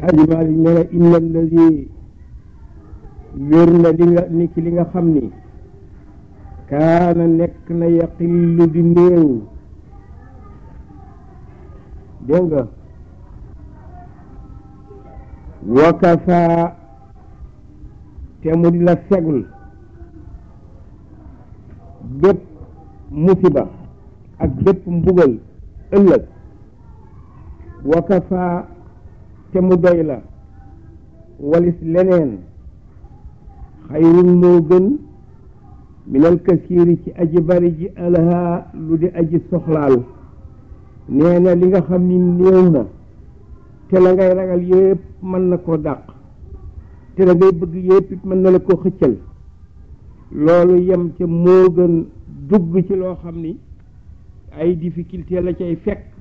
ajmal neena inna alladi wér na li nga ni ki li nga xam ni kaana nekk na yaqillu di néew dégg nga wakafa te mu di la segul bépp musiba ak bépp mbugal ëllëg wakafa te mu doy la walis leneen xayrun moo gën minal kasiiri ci aji bari ji alaha lu di aji soxlaal nee na li nga xam ni néew na te la ngay ragal yépp mën na ko dàq te la ngay bëgg yépp mën na la koo xëccal loolu yem ca moo gën dugg ci loo xam ni ay difficulté la cay fekk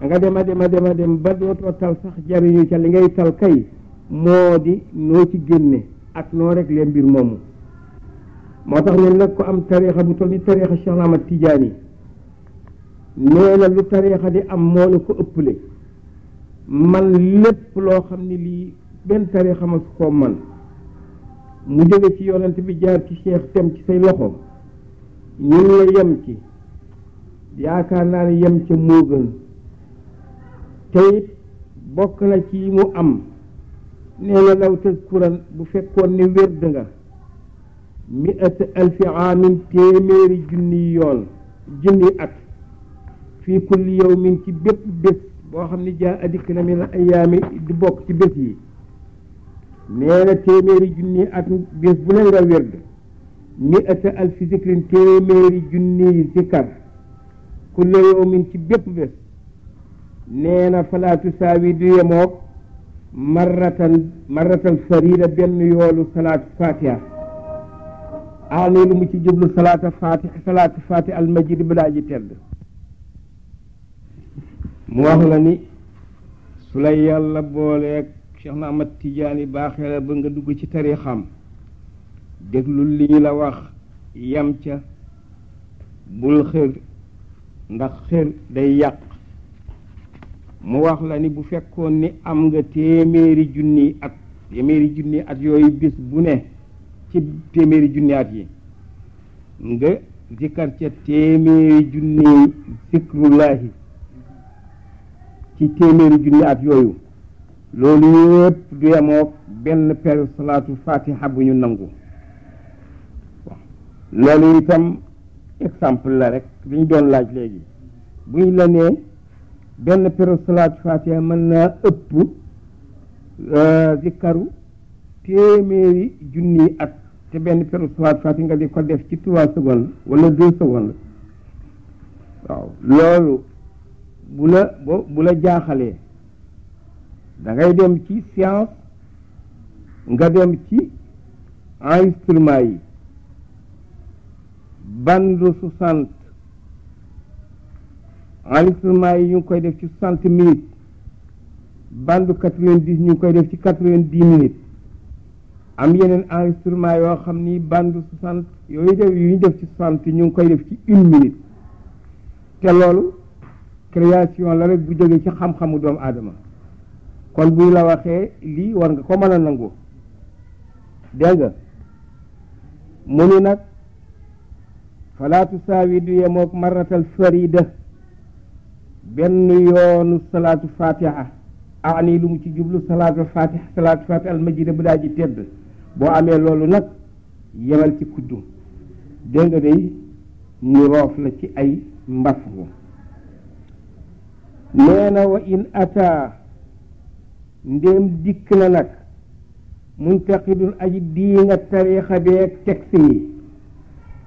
da nga dem a dem a dem a dem ba dootoo tal sax jariñu ca li ngay tal kay moo di noo ci génne ak noo rek leen mbir moomu moo tax ñun nag ko am tariixa bu toll ni tariixa Cheikh Ahmad Tidiane nee na lu am moo la ko ëpple man lépp loo xam ne lii benn tariixa ma su ko man mu jóge ci yonent bi jaar ci Cheikh tem ci say loxo ñun la yem ci yaakaar naa ne yem ca moo gën te bokk na ci mu am nee na law tëzkuran bu fekkoon ne wérd nga mi at alfi aamin téeméeri junniy yoon junniy at fii kulli yawmin ci bépp bés boo xam ne jaa adikk na min ayaami di bokk ci bés yi nee na téeméeri junniy at bés bu ne nga wérd mi at alfi zikrin téeméeri junniy zikar kulli yawmin ci bépp bés nee na falaa tusaawi du yemoog marratal marratal farida benn yoolu salaatu fatiha ah loolu mu ci jublu salaata fatiha salaatu fatiha almajid balaa ji tedd mu wax la ni su la yàlla booleeg Cheikh na Ahmad Tidiane baaxee la ba nga dugg ci tarixam déglul li ñu la wax yam ca bul xër ndax xër day yàq mu wax la ni bu fekkoon ni am nga téeméeri junni at téeméeri junni at yooyu bis bu ne ci téeméeri junni at yi nga zikkar ca téeméeri junni zikrullahi ci téeméeri junni at yooyu loolu yëpp du yemook benn per salaatu fatiha bu ñu nangu loolu itam exemple la rekk bi doon laaj léegi bu ñu la nee benn peru salaatu fatiha mën naa ëpp euh, zikkaru téeméeri junniy at te benn peru salaatu fatiha nga di ko def ci trois secondes wala deux secondes waaw loolu bu la bo la jaaxalee da dem ci science nga dem ci instrument yi bande soixante enregistrement yi ñu ngi koy def ci soixante minutes bandu quatre-vingt-dix ñu ngi koy def ci quatre-vingt-dix minutes am yeneen enregistrement yoo xam ni bandu soixante yooyu def yu ñu def ci soixante ñu ngi koy def ci une minute te loolu création la rek bu jógee ci xam-xamu doomu aadama kon buy la waxee lii war nga ko mën a nangu dégg nga mu ni nag falaatu saawi du yemook maratal farida benn yoonu salaatu fatiha ani ah lu ci jublu salaatu fatiha salaatu fatiha al majida bu daa ji tedd boo amee loolu nag yemal ci kuddu dégg nga day ñu roof la ci ay mbas mu nee na wa in ata ndéem dikk na nag muntaqidun aji diingat tariixa beeg texte yi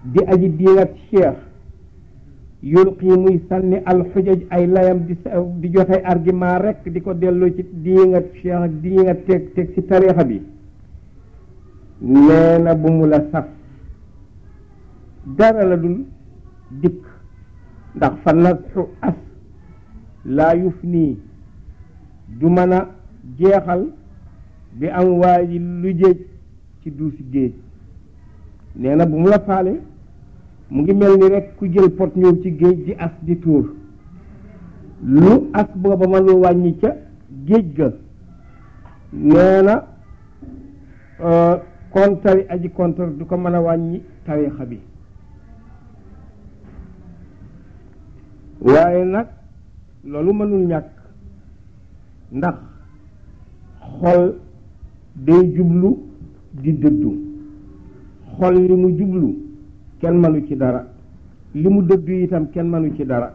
di aji diingat cheikh yulqi muy sànni alxujaj ay layam di di joxe argument rek di ko delloo ci diingat cheikh ak diingat teg teg ci tariixa bi nee na bu mu la saf dara la dul dikk ndax fa nasxu as laa yuf nii du mën a jeexal bi am waa ji lu jéej ci duusi géej nee na bu mu la faale mu ngi mel ni rek ku jël pot ñëw ci géej di as di tuur lu as booba mënul wàññi ca géej ga nee na euh, kontari aji kontar du ko mën a wàññi tariixa bi waaye nag loolu mënul ñàkk ndax xol day jublu di dëddu xol li mu jublu Ken manu ci dara limu mu dëddu itam ken manu ci dara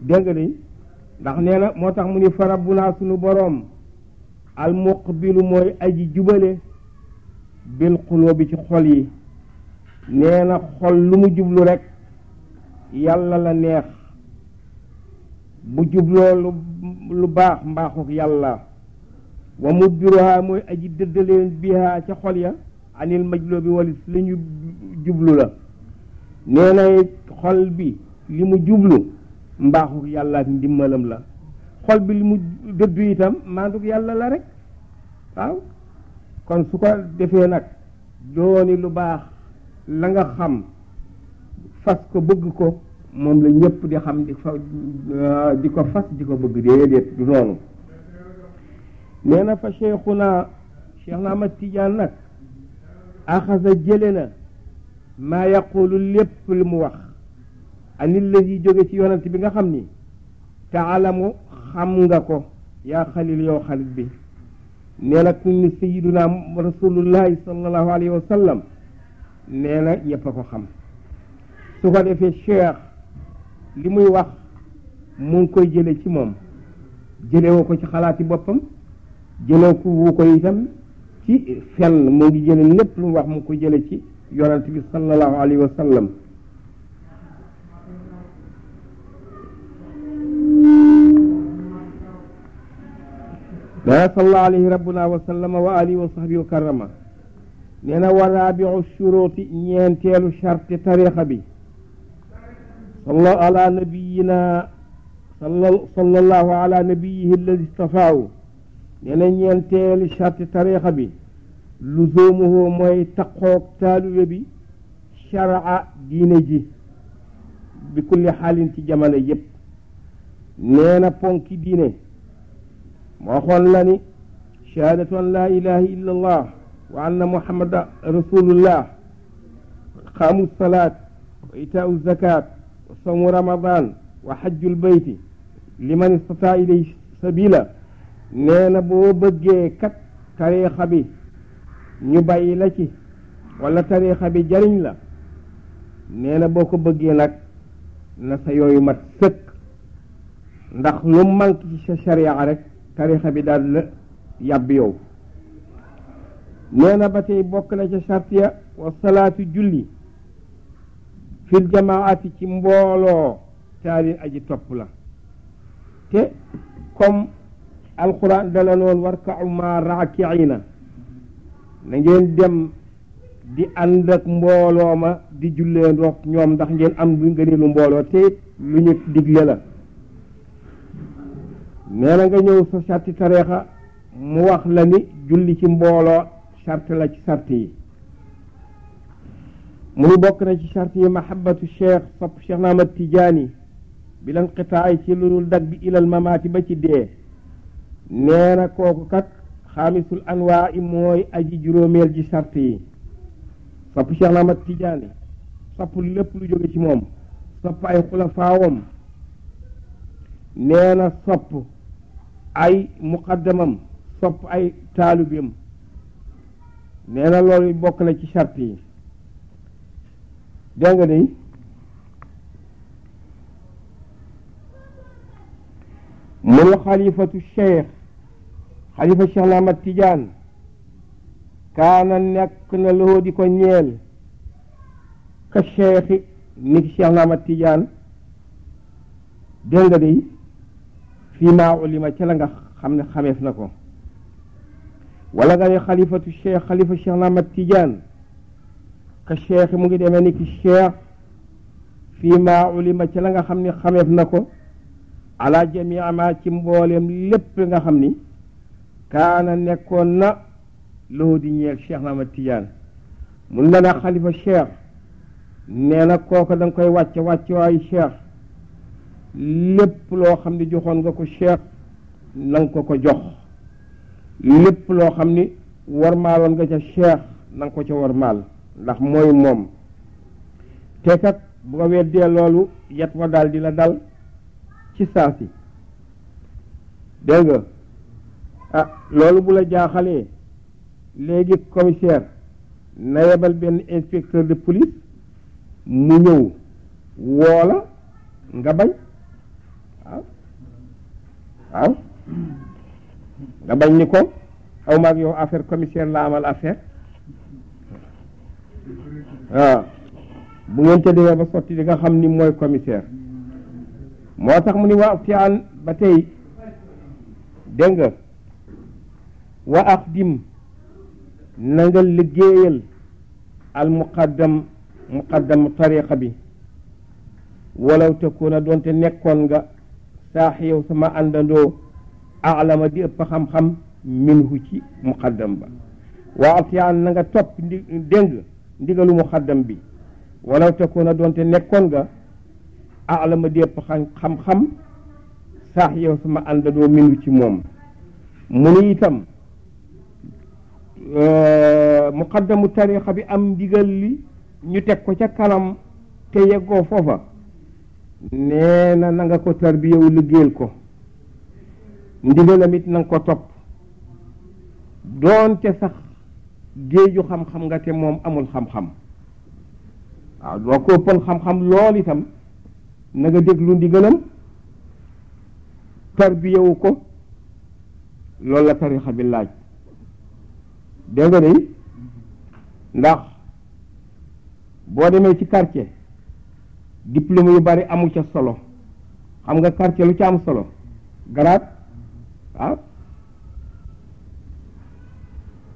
dégg ni ndax neena motax farabuna sunu borom al muqbilu moy aji jubale bil qulubi ci xol yi neena xol lu mu jublu rek yalla la neex bu jublo lu lu baax mbaxuk yalla wa mudbiruha moy aji deddelen biha ci xol ya anil majloo bi walis li ñu jublu la nee na xol bi li mu jublu mbaaxu yàlla ak ndimbalam la xol bi li mu dëddu itam maanduk yàlla la rek waaw kon su ko defee nag dooni lu baax la nga xam fas ko bëgg ko moom la ñëpp di xam euh, di ko fas di ko bëgg déedéet du noonu nee na fa cheikhuna cheikh na Ahmad Tidiane nag axasa jële na maa yaqulu lépp li mu wax anil la yi jóge ci yonent bi nga xam ni alamu xam nga ko yaa xalil yow xalit bi nee na ku ni sayiduna rasulullahi sallallahu alayhi wa nee na yépp a ko xam su ko defee cheikh li muy wax mu ngi koy jële ci moom jële ko ci xalaati boppam jële ko wu ko itam ci fenn mu ngi jële lépp lu mu wax mu ko jële ci yonent bi sallallahu alayhi wa sallam dana sallallahu alayhi rabbuna wa sallama wa alihi wa sahbihi wa karama nee na wa raabiu shuruti ñeenteelu charte tarixa bi sallallahu ala nabiyina sallallahu ala nabiyihi alladi istafaahu nee na ñeenteeli sarti tariixa bi lu zoomuhu mooy taqoog taalibe bi sharaa diine ji bi kulli xaalin ci jamono yépp nee na ponki diine waxoon la ni shahadatu an laa ilaha illa allah wa anna muhammada rasulullah qaamu lsalaat wa itaau zakat wa sawmu ramadan wa xajju lbeyti liman istataa ilayhi sabila nee na boo bëggee kat tariixa bi ñu bàyyi la ci wala tariixa bi jariñ la nee na boo ko bëggee nag na sa yooyu mat sëkk ndax lu manque ci sa sariya rek tariixa bi daal yàbb yow nee na ba tey bokk na ca sartiya wa salaatu julli fil jamaati ci mbooloo taalin aji topp la te comme alquran dala noon warka'u ma raakiina na ngeen dem di ànd ak mbooloo ma di julleendoo ñoom ndax ngeen am lu ngeen lu mbooloo te lu ñu digle la nee na nga ñëw sa sarti tareexa mu wax la ni julli ci mbooloo sart la ci sart yi mu nu bokk na ci sart yi mahabbatu cheikh sopp cheikh na ahmad tijaani bi lan ci lu dul dagg ilal mamaati ba ci dee nee kookukat kooku kat xaamisul anwaa i mooy aji juróomeel ji sart yi sopp Cheikh na Ahmad Tijaani sopp lépp lu jóge ci moom sopp ay xulafaawam nee na sopp ay muqaddamam sopp ay taalibeem nee na loolu bokk na ci sart yi dégg de mu ne xalifatu cheikh xalifa cheikh na ahmad tidiane kaana nekk na loo di ko ñeel ka cheikhi ni ki cheikh na ahmad tidiane dégg nga day fii maa ulima ca la nga xam ne xameef na ko wala nga ne xalifatu cheikh xalifa cheikh tidiane ka mu ngi ni ki cheikh ulima la nga xam ala jamia ma ci nga kaana nekkoon na loo di ñeel cheikh na tidiane mun la na xalifa cheikh nee na kooka da koy wàcce wàcce waayu cheikh lépp loo xam ni joxoon nga ko cheikh na ko ko jox lépp loo xam ni warmaaloon nga ca cheikh na ko ca warmaal ndax mooy moom te kat bu ko weddee loolu yat wa daal di la dal ci saasi dégg ah loolu bu la jaaxalee léegi commissaire na yebal benn inspecteur de police mu ñëw woola nga bañ waaw waaw nga bañ ni ko aw maag yow affaire commissaire la amal affaire waaw bu ngeen ca demee ba sotti di nga xam ni mooy commissaire moo tax mu ni waa ti an ba tey dégg nga wa axdim na nga liggéeyal al muqaddam muqaddamu tariqa bi walaw takuna doonte nekkoon nga saax yow sama àndandoo alama di ëpp xam-xam minhu ci muqaddam ba wa atiyaan na nga topp ndi déng ndigalu muqaddam bi walaw takuna doonte nekkoon nga alama di ëpp xam-xam saax yow sama àndandoo minhu ci moom mu nu itam Euh, muqaddamu tarixa bi am ndigal li ñu teg ko ca kanam te yeggoo foofa nee na na nga ko tarbiyewu liggéeyal ko ndigalam it na ko topp doonte sax géeju xam-xam nga te moom amul xam-xam waaw doo ko ëppal xam-xam lool itam na nga déglu ndigalam tarbiyewu ko loolu la tarixa bi laaj dégg nga nah, ndax boo demee ci quartier diplôme yu bari amu ca solo xam nga quartier lu ci am solo garaat ah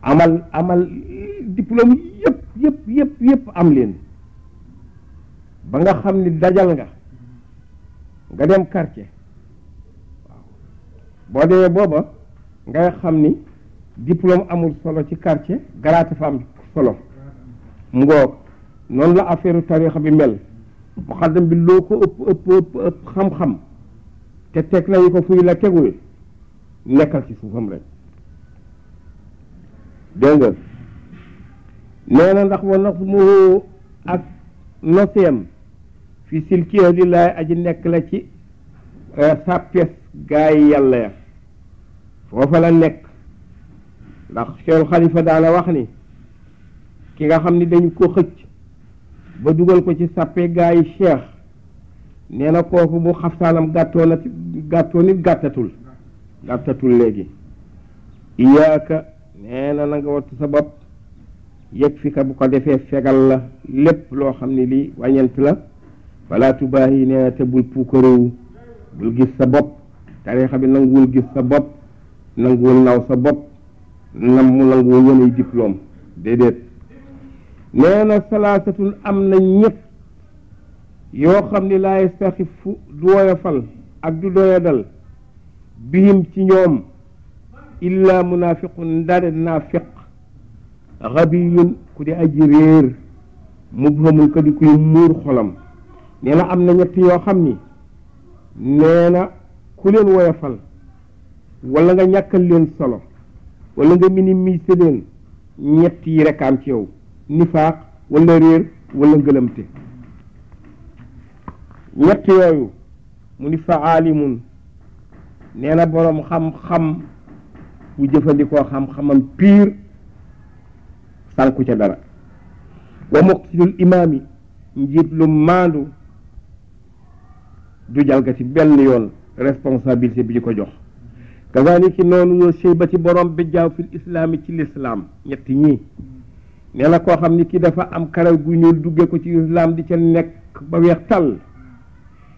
amal amal diplôme yépp yépp yépp yépp am leen ba nga xam ni dajal nga nga dem quartier waaw boo demee booba xam ni diplôme amul solo ci quartier garaate fa am solo ngoog noonu la affaire tarixa bi mel muxaddam bi loo ko ëpp ëpp xam-xam te teg nañu ko fuy la tegul nekkal ci suufam rek dégg nga ndax wa nax mu ak noseem fi silkiya lillaay aji nekk la ci eh, sàppees gaay yàlla ya foofa la nekk ndax Cheikh Khalifa daana wax ni ki nga xam ni dañu ko xëcc ba dugal ko ci sàppe gaa yi cheikh nee na kooku bu xaftaanam gàttoona gàttoo nit gàttatul gàttatul léegi iyaaka nee na na nga wattu sa bopp yëg fika bu ko defee fegal la lépp loo xam ne lii wàññent la wala tubaax yi nee na te bul puukarewu bul gis sa bopp tarixa bi nanguwul gis sa bopp nanguwul naw sa bopp nam mu nangoo ñeney diplôme déedéet nee na salaasatun am na ñett yoo xam ni laay saxi fu du woyofal ak du doyadal bihim ci ñoom illa munaafiqun ndare naafiq xabiyun ku di aji réer mubhamul ka di kuy muur xolam nee am na ñett yoo xam ni nee ku leen woyofal wala nga ñàkkal leen solo walla nga mi leen ñett yi rek am ci yow nifaaq wala réer wala ngëlamte ñett yooyu mu ni fa aalimun nee na boroom xam-xam bu jëfandikoo xam-xamam piir sànku ca dara wa muqtidul imaam yi njiit lu maandu du jalgati benn yoon responsabilité bi ñu ko jox kazaliki noonu yoo sey ba ci boroom bi jaaw fil islaam ci lislaam ñetti ñii nee na koo xam ni kii dafa am karaw gu ñuul dugge ko ci lislaam di ca nekk ba weex tàll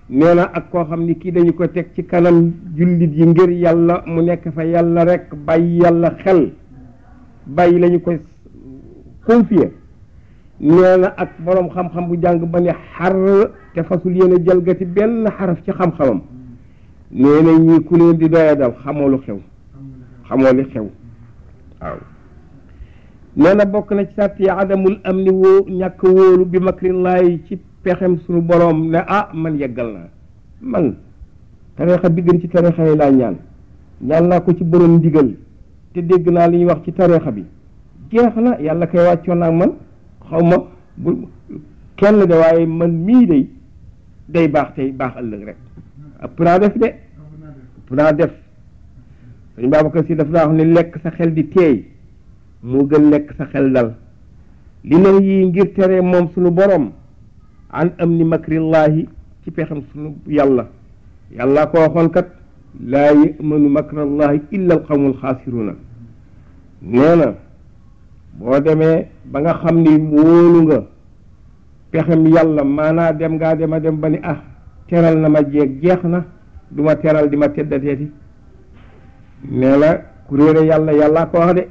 nee na ak koo xam ni kii dañu ko teg ci kanam jullit yi ngir yàlla mu nekk fa yàlla rek bàyyi yàlla xel bàyyi lañu koy confier nee na ak boroom xam-xam bu jàng ba ne xar te fasul yéen a jalgati benn xaraf ci xam-xamam nee na ñii ku leen di doya dal xamoo lu xew xamoo li xew waaw nee na bokk na ci sàtt yi adamul am ni woo ñàkk wóolu bi makrin laay ci pexem suñu boroom ne ah man yeggal naa man tarixa bi gën ci tarixa yi laa ñaan ñaan naa ko ci boroom ndigal te dégg naa li ñuy wax ci tarixa bi jeex na yàlla koy wàccoon naa man xaw ma bu kenn de waaye man mii day day baax tey baax ëllëg rek ab pulaa def de pulaa def sëñ Babacar Si dafa daa wax ne lekk sa xel di teey moo gën lekk sa xel dal li ne yi ngir tere moom suñu borom an am ni makrillaahi ci pexam suñu yàlla yàlla ko waxoon kat laa yëmanu makrallahi illa alqawmul xaasiruna nee na boo demee ba nga xam ni wóolu nga pexam yàlla maanaa dem ngaa dem a dem ba ni ah teral na ma jeeg jeex na du ma teral di ma teddateeti nee la ku yàlla yàllaa ko wax de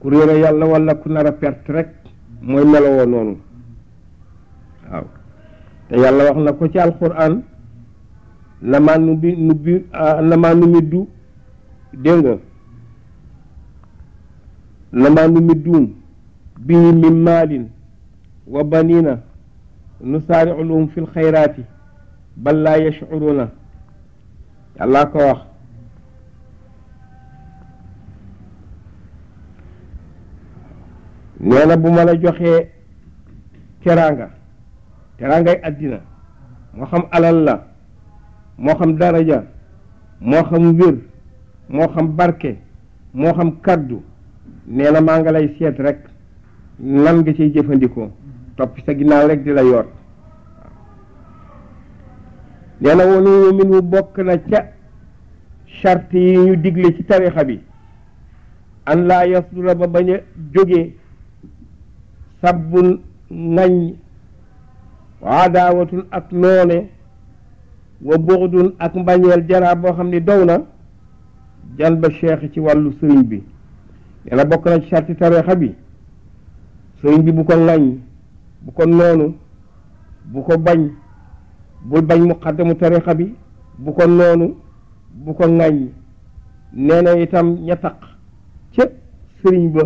ku yàlla wala ku nar perte rek mooy melowoo noonu waaw te yàlla wax na ko ci alquran lama nu bi nu bi lama nu middu dégg nga lama nu midduum bii min maalin wa banina nusaari'u lahum fi lxayraati bal laa na yàllaa ko wax nee bu ma la joxee teraanga teraangay àddina moo xam alal la moo xam daraja moo xam wér moo xam barke moo xam kàddu nee maa nga lay seet rek nan ngi ciy jëfandikoo topp sa ginnaaw rek di la yor nee na woon minhu bokk na ca charte yi ñu digle ci tarixa bi an laa yasdura ba bañ a jógee sabbun ngañ waadaawatun ak noone wa buxdun ak mbañeel jaraa boo xam ne dow na jan ba cheikh ci wàllu sëriñ bi nee na bokk na ci charte tarixa bi sëriñ bi bu ko ngañ bu ko noonu bu ko bañ bul bañ mu xaddamu tarixa bi bu ko noonu bu ko ŋàññ nee na itam ña taq ca sëriñ ba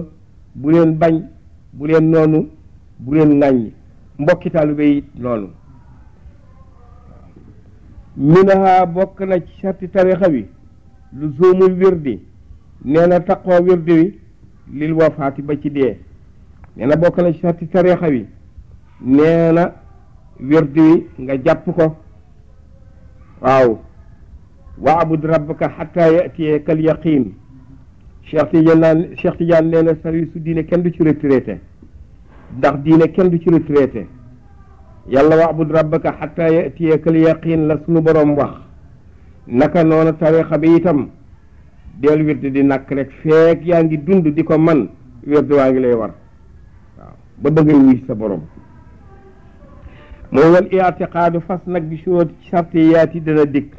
buleen bañ bu leen noonu bu leen ŋàññ mbokki taalibe yi noonu minaha bokk na ci sarti tarixa bi lu zoomul wirdi nee na taqoo wirdi wi lil wafaati ba ci dee nee bokk na ci sarti tarixa bi nee wird wi nga jàpp ko waaw waabud rabbaka xatta yatiyekal yaqin Cheikh Tidiane naan Cheikh Tidiane service su diine kenn du ci retraité ndax diine kenn du ci retraité yàlla waabud rabbaka xatta yatiyekal yaqin la sunu boroom wax naka noonu tarixa bi itam del wird di nakk rek feek yaa ngi dund di ko man wird waa ngi lay war ba bëggay wuy sa borom mooy wal i'tiqaadu fas nag bi shuruut sharti yaati dana dikk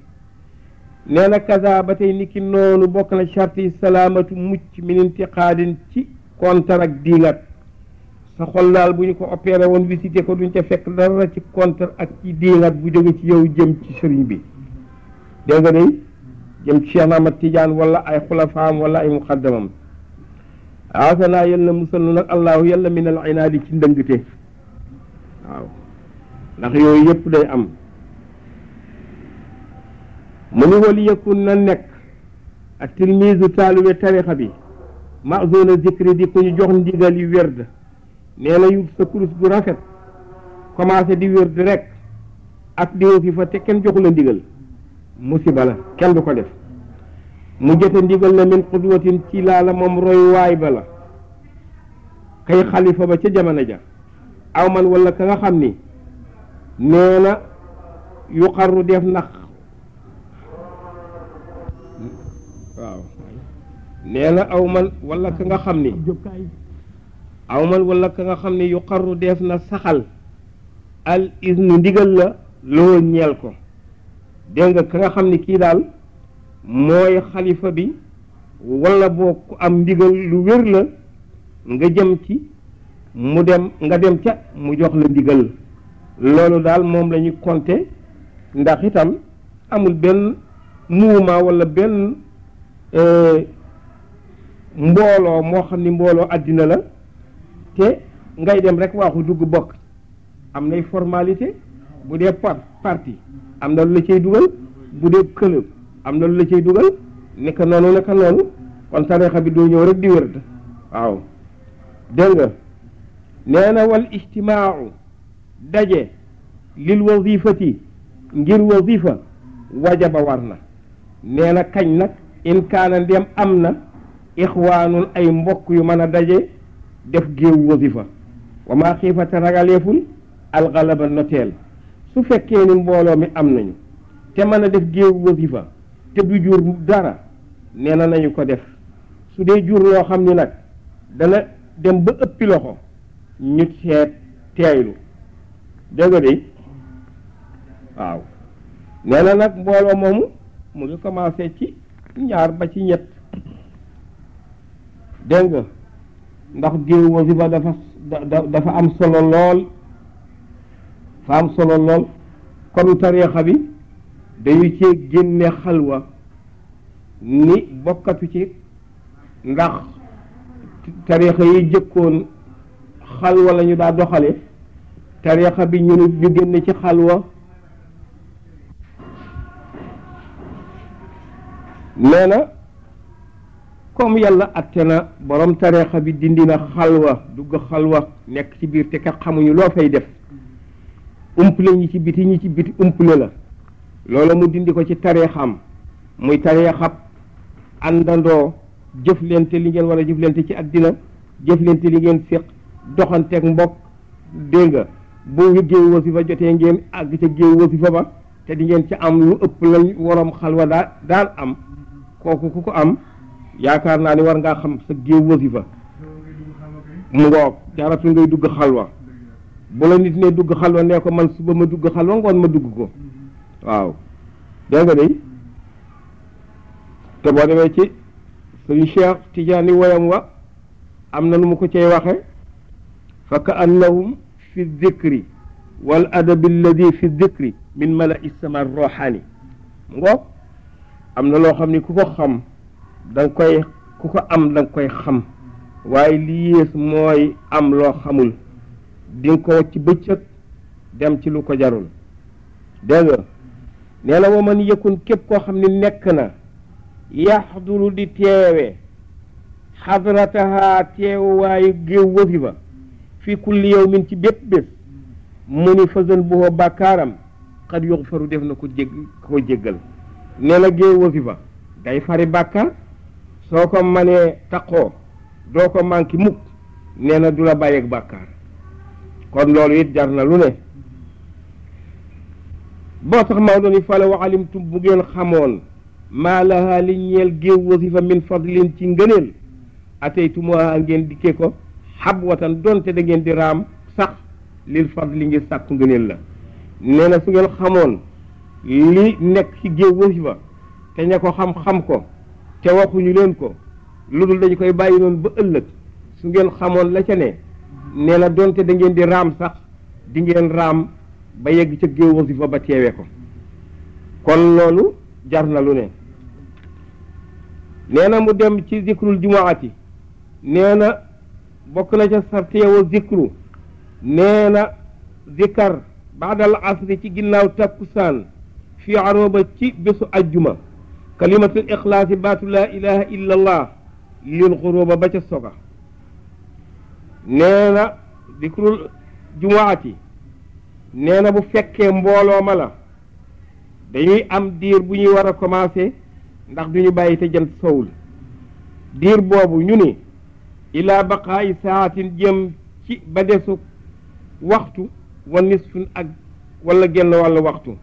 nee na ba tey ki noonu bokk na sharti salaamatu mucc min intiqaadin ci kontar ak diingat sa xol daal bu ñu ko opéré woon visité ko duñ ca fekk dara ci kontar ak ci bu jóge ci yow jëm ci sëriñ bi dégg nga day jëm ci Cheikh Ahmad Tidiane wala ay xulafaam wala ay muqaddamam asanaa yal na musal nag allahu yàlla min al inaadi ci ndëngte waaw ndax yooyu yëpp day am mu ni wal yëkkun na nekk ak tilmiisu taalibe tarixa bi na zikri di ku ñu jox ndigal yi wérd nee na yu sa kurus bu rafet commencé di wérd rek ak di fi fa te kenn joxu la mu musiba bala kenn du ko def mu jëte ndigal la min xudwatin ci laa la moom roy waay ba la kay xalifa ba ca jamono ja aw man wala ka nga xam ni nee na yu xarru def na waaw nee na aw man wala ka nga xam ni aw man wala ka nga xam ni yu xarru def na saxal al isnu ndigal la loo ñeel ko dégg ka nga xam ni kii daal mooy xalifa bi wala boo ku am ndigal lu wér la nga jëm ci mu dem nga dem ca mu jox la ndigal loolu daal moom lañuy ñuy ndax itam amul benn mouvement walla benn euh, mbooloo moo xam ni mbooloo àddina la te ngay dem rek waaxu dugg bokk am nay formalité bu dee parti am na lu la cay dugal bu dee club am na lu la cay dugal neka noonu neka noonu kon tarixa bi doo ñëw rek di wér waaw dégg nga nee na wal ijtimaau daje lil wazifati ngir wazifa wajaba war na nee na kañ nag in kaana ndem am na ixwaanun ay mbokk yu mën a daje def géew wazifa wa maa xiifata ragaleeful alxalaba noteel su fekkee ni mbooloo mi am nañu te mën a def géew wazifa te du jur dara nee na nañu ko def su dee jur loo xam ni nag dana dem ba ëppi loxo ñu seet teeylu dégg de waaw nee na nag mbooloo moomu mu ngi commencé ci ñaar ba ci ñett dégg ndax géew wasifa dafa dafa am solo lool dafa am solo lool comme tariixa bi dañu cee génne xalwa ni bokkatu ci ndax tariixa yi jëkkoon xalwa la ñu daa doxale tarixa bi ñu nit ñu génn ci xalwa nee na comme yàlla atte na borom tarixa bi dindi na xalwa dugg xalwa nekk ci biir te ka xamuñu loo fay def umpale ñi ci biti ñi ci biti umpale la loola mu dindi ko ci tarixam muy tarixab àndandoo jëflente li ngeen war a jëflente ci àddina jëflente li ngeen séq doxanteeg mbokk dégg nga bu ñu géew wasifa jotee ngeen àgg ca géew wasifa ba te di ngeen ci am lu ëpp lañ waroom xalwa daa daal am kooku ku ko am yaakaar naa ni war ngaa xam sa géew wasifa mu ngoog jaratu ngay dugg xalwa bu la nit ne dugg xalwa nee ko man suba ma dugg xalwa ngoon ma dugg ko waaw dégg nga day te boo demee ci suñu Cheikh Tijaani woyam wa am na nu ma ko cay waxe fa ka annahum في الذكر والادب الذي في الذكر من ملا السماء الروحاني مو امنا لو خامني كوكو خام دانكوي كوكو ام دانكوي خام واي لي موي ام لو خامول دينكو تي بيتك دم تي لوكو جارول دغ نيلا ومن يكون كيب كو خامني نيكنا يحضر دي تيوي حضرتها تيوي واي جيو وفيبا fii kulli yawmin ci bépp bés mu ni fasan boo bàkkaaram xat yox faru def na ko jég ko jéggal ne la gee wasifa day fari bàkkaar soo ko manee taqoo doo ko manqué mukk nee na du la bàyyeeg bàkkaar kon loolu it jar na lu ne boo sax Maodo ni fala wa alimtum bu ngeen xamoon maa laha li ñeel géew wasifa min fadlin ci ngëneel ateytumuha ngeen dikkee ko watan donte da ngeen di raam sax lil li ngir sàkku ngëneel la nee na su ngeen xamoon li nekk ci géew wasifa te ña ko xam-xam ko te waxuñu leen ko lu dul dañu koy bàyyi noonu ba ëllëg su ngeen xamoon la ca ne nee na donte da ngeen di raam sax dingeen ngeen raam ba yegg ca géew wasifa ba teewee ko kon loolu jar na lu ne nee na mu dem ci zikrul jumaati nee na bokk na ca sartiya wa zikru nee na zikar baadal asri ci ginnaaw takkusaan fii arooba ci bésu ajjuma kalimatul ixlaasi baatu laa ilaha illa allah lil xuruba ba ca soga nee na zikrul jumaati nee na bu fekkee mbooloo ma la dañuy am diir bu ñuy war a commencé ndax duñu bàyyi te jant sowul diir boobu ñu ni ilaa baqaayi saatin jëm ci ba desu waxtu wa nisfun ak wala genn wàll waxtu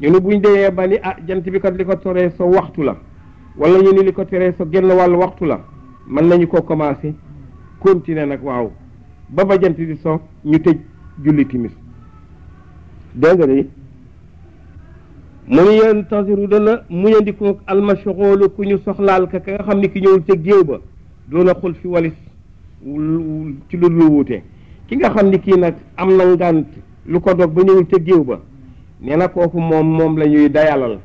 ñu ni buñ demee ba ni ah jant bi kat li ko teree so waxtu la wala ñu ni li ko teree so genn wàll waxtu la mën nañu koo commencé continuer nag waaw ba ba jant di so ñu tëj julli timis dégg nga de mu nu yentasiru dana mu yandikoo almashgoolu ku ñu soxlaal ka ka nga xam ni ki ñëwul ca géew ba doona xul fi walis ci lu lu wuute ki nga xam ni kii nag am na ngànt lu ko dog ba ñëwul ca ba nee na kooku moom moom la dayalal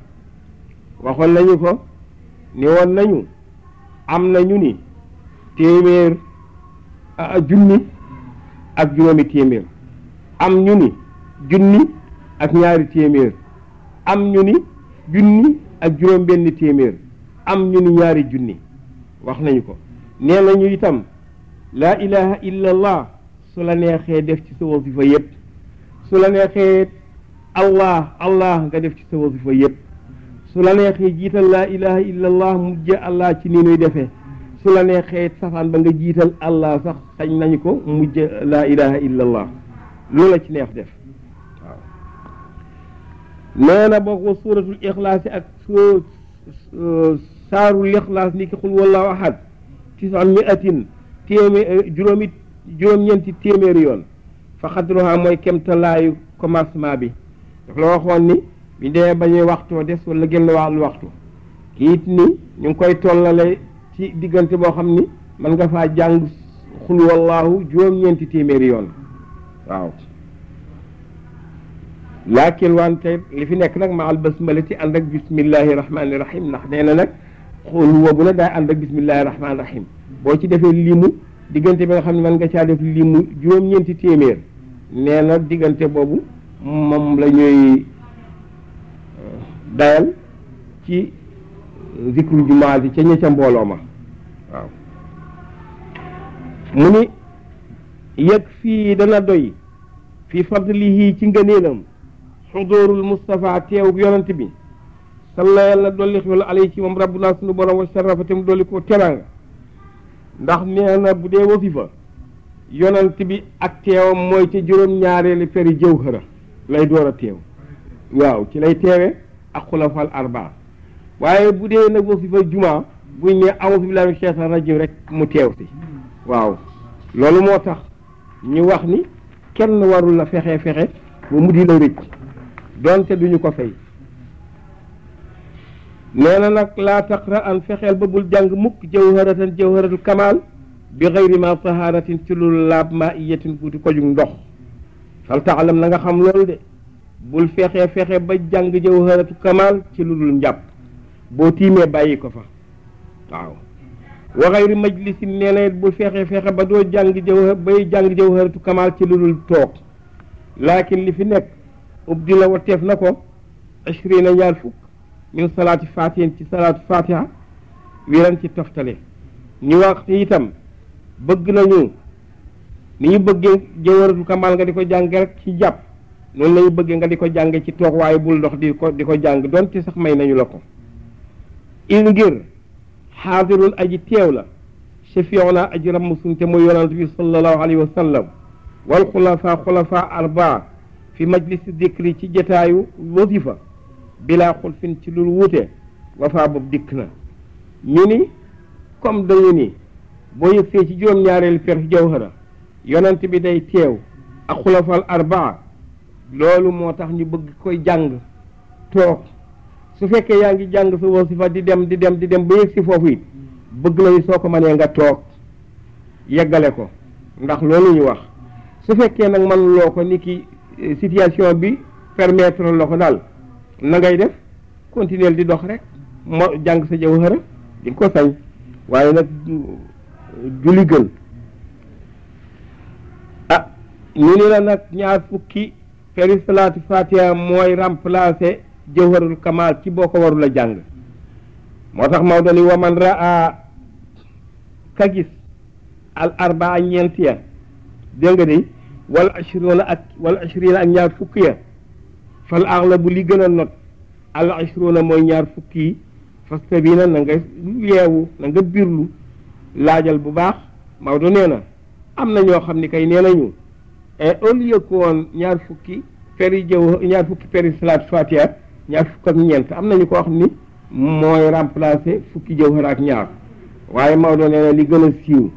waxoon nañu ko ne woon nañu am nañu ni téeméer junni ak am ñu junni ak ñaari téeméer am ñu ni junni ak juróom benn téeméer am ñu ni ñaari junni wax nañu ko nee nañu itam laa ilaha illa allah su la neexee def ci sa wasifa yépp su la neexee allah allah nga def ci sa wasifa yépp su la neexee jiital laa ilaha illa allah mujje allah ci nii nuy defee su la neexee safaan ba nga jiital allah sax xañ nañu ko mujje laa ilaha illa allah lu la ci neex def waaw nee na bokk wa suuratul ixlaasi ak soo saaru lixlaas ni ki xul wallahu ahad تسعمائة جرومي جروم ينتي تيميريون فخدرها موي كم تلايو كماس ما بي دخلوا أخواني بدي أبني وقت ودس ولا جل وعلى وقت كيتني نكوي تولى لي تي دكان تبغى خمني من قفا جانغ خلو الله جروم ينتي تيميريون واو لكن وانت لفي نكنا مع البسملة عندك بسم الله الرحمن الرحيم نحن نك xool boobu nag daa ànd ak bisimilahi rahmaani rahim boo ci defee limu diggante bi nga xam ne man nga caa def limu juróom-ñeenti téeméer nee na diggante boobu moom la ñuy euh, dayal ci zikru jumaa bi ca ña ca mbooloo ma waaw mu ni yëg fii dana doy fi fadlihi ci ngëneelam xudóorul Moustapha teewuk yonant bi salla yàlla dolli xewal alay ci moom rabbuna sunu borom wa sharrafa te mu dolli ko teraanga ndax nee na bu dee wasifa yonant bi ak teewam mooy ca juróom-ñaareeli feri jëwhëra lay door a teew waaw ci lay teewee ak xulafal arbaa waaye bu dee nag wasifa jumaa buñ ne awusu billaahi min sheytaan rajim rek mu teew si waaw loolu moo tax ñu wax ni kenn warul la fexe fexe ba mu di la rëcc donte duñu ko fay نانا نك لا تقرأ أن فخيل ببول جنغ مك جوهرة جوهرة الكمال بغير ما طهارة تلول لاب ما إيتن بوتي كو جنغ دوخ فل تعلم نغا خم لول دي بول فخي فخي با جنغ جوهرة الكمال تلول نجاب بو تيمي باي كفا تعاو وغير مجلس نانا بول فخي فخي با دو جنغ جوهرة باي جنغ جوهرة الكمال تلول توق لكن اللي في نك أبدي لو تيف نكو عشرين يالفوك min salaati fatihin ci salaatu fatiha wiran ci toftale ni waxtu itam bëgg nañu ni ñu bëggee jëwaratu kamal nga di ko jànge rek ci jàpp noonu la ñu bëggee nga di ko jàng ci toog waaye bul dox di ko di ko jàng donte sax may nañu la ko il ngir xaadirun aji teew la shafiu naa aji ramm suñ te mooy yonent bi sallallahu alayhi wa sallam wal xulafa fi majlisi dikri ci jataayu wasifa bilaa xulfin ci lul wuute wafaa boobu dikk na ñu ni comme dañu ni boo yëg see ci juróom-ñaareelu ferxi jawhara yonent bi day teew ak xulafal arbaa loolu moo tax ñu bëgg koy jàng toog su fekkee yaa ngi jàng sa wasifa di dem di dem di dem ba yëg si foofu it bëgg nañu soo ko mënee nga toog yeggale ko ndax loolu ñu wax su fekkee nag man loo ko ni ki eh, situation bi permettre la ko daal na ngay def continuer di dox rek mo jang sa jaww xëra di ko sañ waye nak julli gën ah ñu ni la nak ñaar fukki feri salaatu fatiha moy remplacer jawharul kamal ci boko waru la a motax raa ka al arbaa ñentiya de nga ni wal ashrul ak wal ashrul ak ñaar fukki ya fal axla bu li gën a not al ashruuna mooy ñaar fukki yi fastabina na nga yeewu na nga birlu laajal bu baax Maodo nee na am na ñoo xam ni kay nee nañu au lieu que woon ñaar fukki peri jëw ñaar fukki peri salaat fatiha ñaar fukk ak ñeent am nañu koo xam ni mooy remplacer fukki jëwhar ak ñaar waaye Maodo nee na li gën a siiw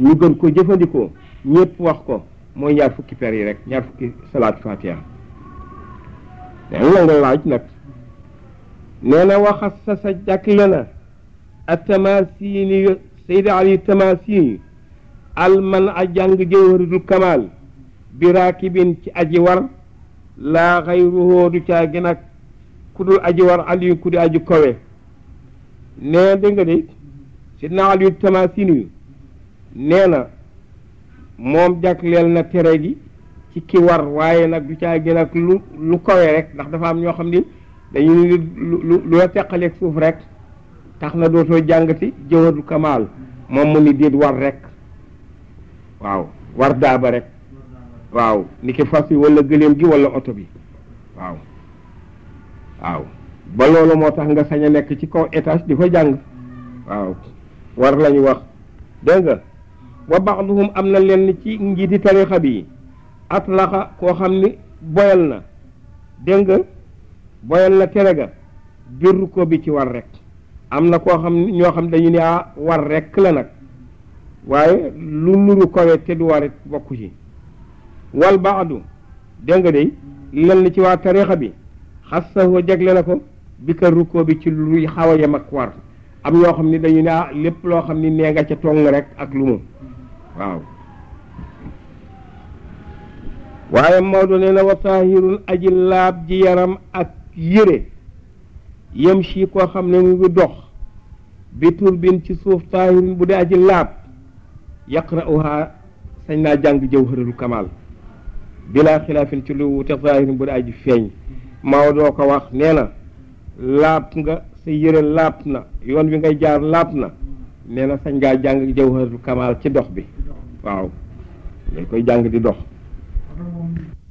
ñu gën ko jëfandikoo ñëpp wax ko mooy ñaar fukki per yi rek ñaar fukki salaat fatiha dañ la nga laaj nag nee na waxas sa sa jàkkle na a tamasini saydi ali tamasini alman a jàng jawharatul kamal bi raakibin ci aji war laa xayruhoo du caa gi ku dul aji war aliyu ku di aji kowe nee dégg nga de sidna aliyu tamasini nee na moom jàkkleel na tere gi ci ki war waaye nag du caa gën ak lu lu kawe rek ndax dafa am ñoo xam ni dañuy lu lu la teqaleeg suuf rek tax na dootoo jàngati jëwadu kamaal moom mu ni war rek waaw war daaba rek waaw ni ki wala gëléem gi wala oto bi waaw waaw ba loolu moo tax nga sañ a ci kaw étage di fa jàng waaw war lañu wax dégg nga wa amna am na lenn ci njiiti bi at atlaxa koo xam ni boyal na dégg nga boyal na tere ga biru ko bi ci war rek am na koo xam ni ñoo xam dañu ni a ah, war rek la nag waaye lu nuru kowe te du warit bokku ci wal baadu dégg nga day lenn ci waa tariixa bi xas ko jagle na ko bi kër rukkoo bi ci luy xaw a yem ak war am ñoo xam ni dañu ne ah lépp loo xam ni nee nga ca tong rek ak lu mu waaw waaye Maodo nee na wa taahirun aji laab ji yaram ak yére yem si koo xam ne mu ngi dox bi turbin ci suuf taahirun bu dee aji laab yaqra'uha sañ naa jàng jawharul kamal bilaa xilaafin ci lu wute zahirin bu dee aji feeñ Maodo ko wax nee na laab nga sa yére laab na yoon wi ngay jaar laab na nee na sañ ngaa jàng jawharul kamal ci dox bi waaw dañ koy jàng di dox everyone.